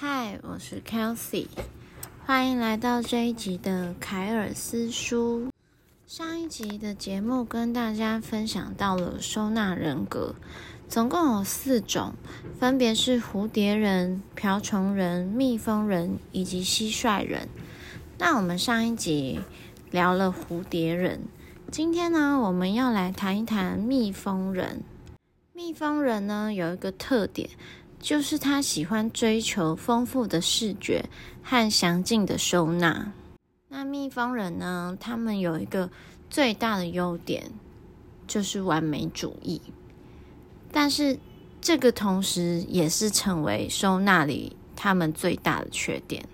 嗨，Hi, 我是 Kelsey，歡迎來到這一集的凱爾斯書。上一集的節目跟大家分享到了收納人格，總共有四種，分別是蝴蝶人、瓢蟲人、蜜蜂人以及蟋蟀人。那我們上一集聊了蝴蝶人，今天呢，我們要來談一談蜜蜂人。蜜蜂人呢，有一個特點。就是他喜歡追求豐富的視覺和詳盡的收納。那蜜蜂人呢？他們有一個最大的優點，就是完美主義。但是這個同時也是成為收納裡他們最大的缺點。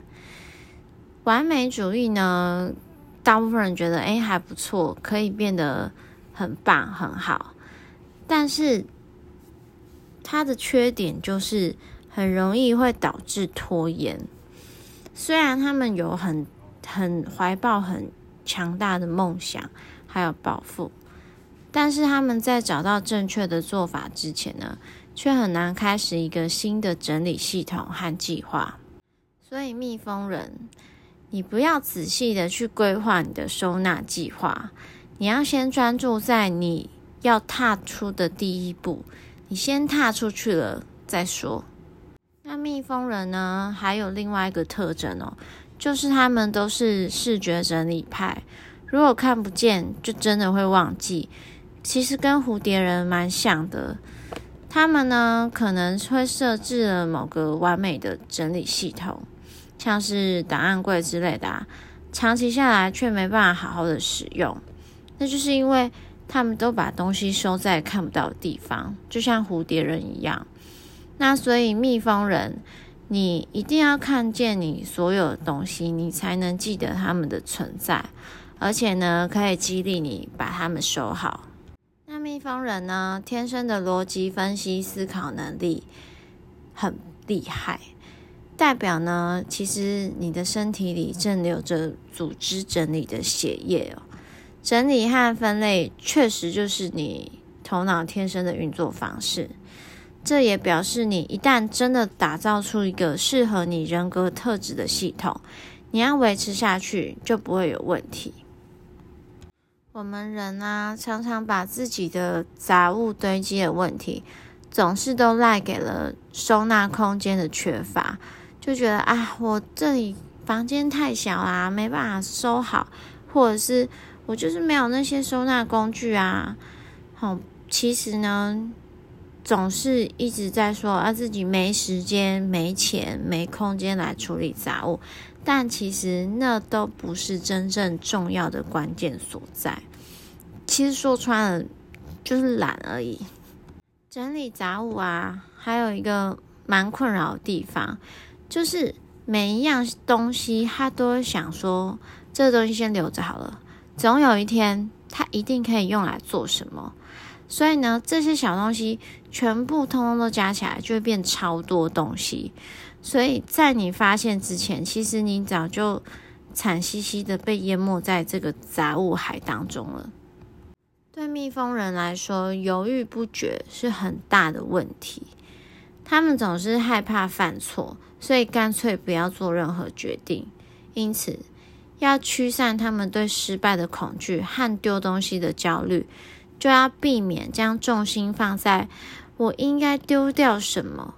完美主義呢，大部分人覺得誒還不錯，可以變得很棒很好，但是。他的缺點就是很容易會導致拖延。雖然他們有很很懷抱很強大的夢想，還有抱負，但是他們在找到正確的做法之前呢，卻很難開始一個新的整理系統和計劃。所以，蜜蜂人，你不要仔細的去規劃你的收納計劃，你要先專注在你要踏出的第一步。你先踏出去了再說。那蜜蜂人呢？還有另外一個特徵哦，就是他們都是視覺整理派。如果看不見，就真的會忘記。其實跟蝴蝶人蠻像的。他們呢，可能會設置了某個完美的整理系統，像是檔案櫃之類的，啊，長期下來卻沒辦法好好的使用，那就是因為。他們都把東西收在看不到的地方，就像蝴蝶人一樣。那所以，蜜蜂人，你一定要看見你所有的東西，你才能記得他們的存在，而且呢，可以激勵你把他們收好。那蜜蜂人呢，天生的邏輯分析思考能力很厲害，代表呢，其實你的身體裡正流着組織整理的血液哦。整理和分類確實就是你頭腦天生的運作方式。這也表示，你一旦真的打造出一個適合你人格特質的系統，你要維持下去就不會有問題。我們人呢，啊，常常把自己的雜物堆積的問題，總是都賴給了收納空間的缺乏，就覺得啊，我這裡房間太小啦，啊，沒辦法收好，或者是。我就是沒有那些收納工具啊。好，其實呢，總是一直在說啊，自己沒時間、沒錢、沒空間來處理雜物，但其實那都不是真正重要的關鍵所在。其實說穿了，就是懶而已。整理雜物啊，還有一個蠻困擾的地方，就是每一樣東西，他都會想說，這個東西先留着好了。總有一天，它一定可以用來做什麼。所以呢，這些小東西全部通通都加起來，就會變超多東西。所以在你發現之前，其實你早就慘兮兮的被淹沒在這個雜物海當中了。對蜜蜂人來說，猶豫不決是很大的問題。他們總是害怕犯錯，所以乾脆不要做任何決定。因此。要驅散他們對失敗的恐懼和丟東西的焦慮，就要避免將重心放在我應該丟掉什麼，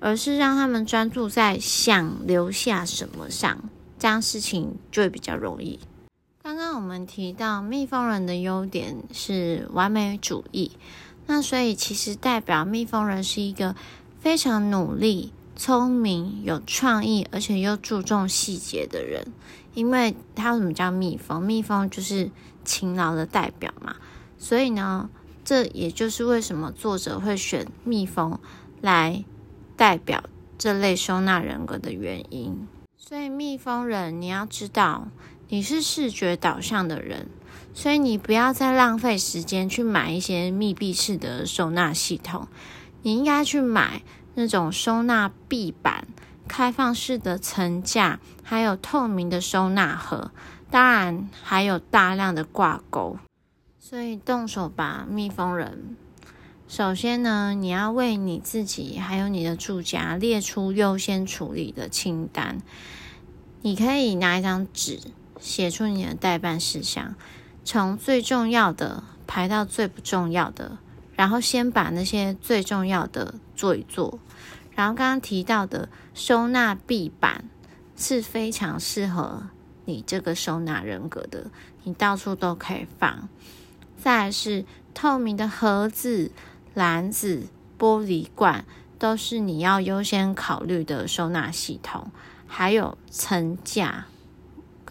而是讓他們專注在想留下什麼上，這樣事情就會比較容易。剛剛我們提到蜜蜂人的優點是完美主義，那所以其實代表蜜蜂人是一個非常努力。聰明、有創意，而且又注重細節的人。因為他為什麼叫蜜蜂？蜜蜂就是勤勞的代表嘛。所以呢，這也就是為什麼作者會選蜜蜂來代表這類收納人格的原因。所以，蜜蜂人，你要知道你是視覺導向的人，所以你不要再浪費時間去買一些密閉式的收納系統，你應該去買。那種收納壁板、開放式的層架，還有透明的收納盒，當然還有大量的掛鈎。所以動手吧，蜜蜂人！首先呢，你要為你自己還有你的住家列出優先處理的清單。你可以拿一張紙，寫出你的待辦事項，從最重要的排到最不重要的。然後先把那些最重要的做一做。然後剛剛提到的收納壁板，是非常適合你這個收納人格的，你到處都可以放。再來是透明的盒子、籃子、玻璃罐，都是你要優先考慮的收納系統。還有層架。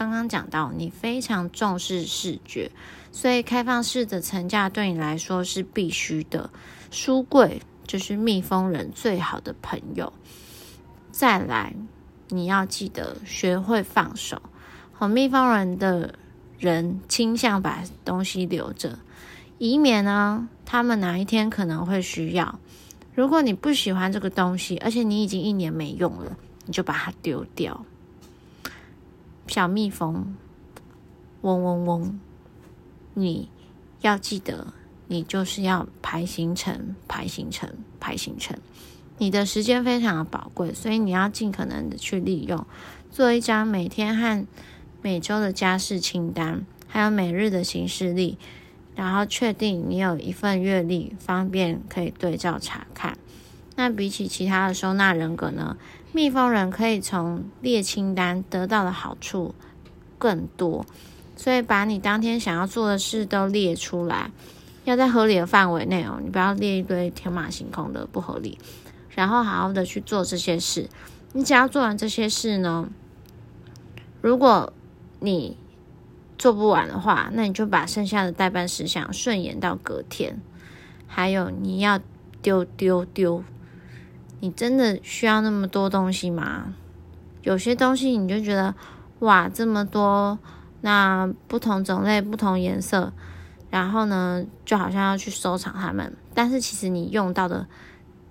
剛剛講到，你非常重視視覺，所以開放式的層架對你來說是必須的。書櫃就是蜜蜂人最好的朋友。再來，你要記得學會放手。蜜蜂人的人傾向把東西留着，以免呢他們哪一天可能會需要。如果你不喜歡這個東西，而且你已經一年沒用了，你就把它丟掉。小蜜蜂，嗡嗡嗡！你要記得，你就是要排行程、排行程、排行程。你的時間非常的寶貴，所以你要盡可能的去利用，做一張每天和每周的家事清單，還有每日的行事曆，然後確定你有一份月曆，方便可以對照查看。那比起其他的收納人格呢？蜜蜂人可以從列清單得到的好處更多，所以把你當天想要做的事都列出來，要在合理的範圍內哦，你不要列一堆天馬行空的不合理，然後好好的去做這些事。你只要做完這些事呢，如果你做不完的話，那你就把剩下的待辦事項順延到隔天，還有你要丟丟丟。你真的需要那麼多東西嗎？有些東西你就覺得哇，這麼多，那不同種類、不同顏色，然後呢，就好像要去收藏它們，但是其實你用到的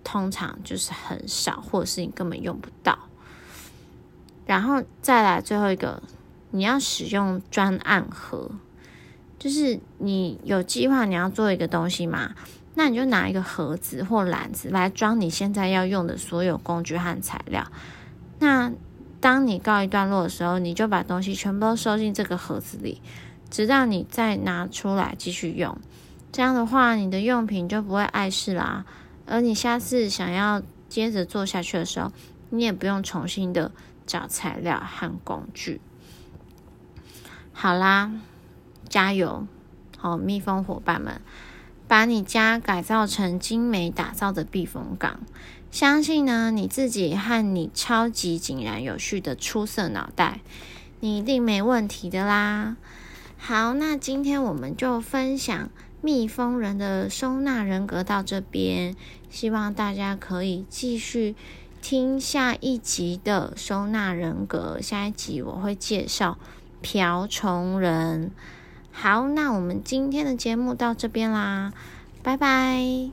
通常就是很少，或者是你根本用不到。然後再來最後一個，你要使用專案盒，就是你有計劃你要做一個東西嗎？那你就拿一個盒子或籃子來裝你現在要用的所有工具和材料。那當你告一段落的時候，你就把東西全部都收進這個盒子裡，直到你再拿出來繼續用。這樣的話，你的用品就不會礙事啦。而你下次想要接着做下去的時候，你也不用重新的找材料和工具。好啦，加油！好，蜜蜂夥伴們。把你家改造成精美打造的避風港，相信呢，你自己和你超級井然有序的出色腦袋，你一定沒問題的啦。好，那今天我們就分享蜜蜂人的收納人格到這邊，希望大家可以繼續聽下一集的收納人格。下一集我會介紹瓢蟲人。好，那我們今天的節目到這邊啦，拜拜。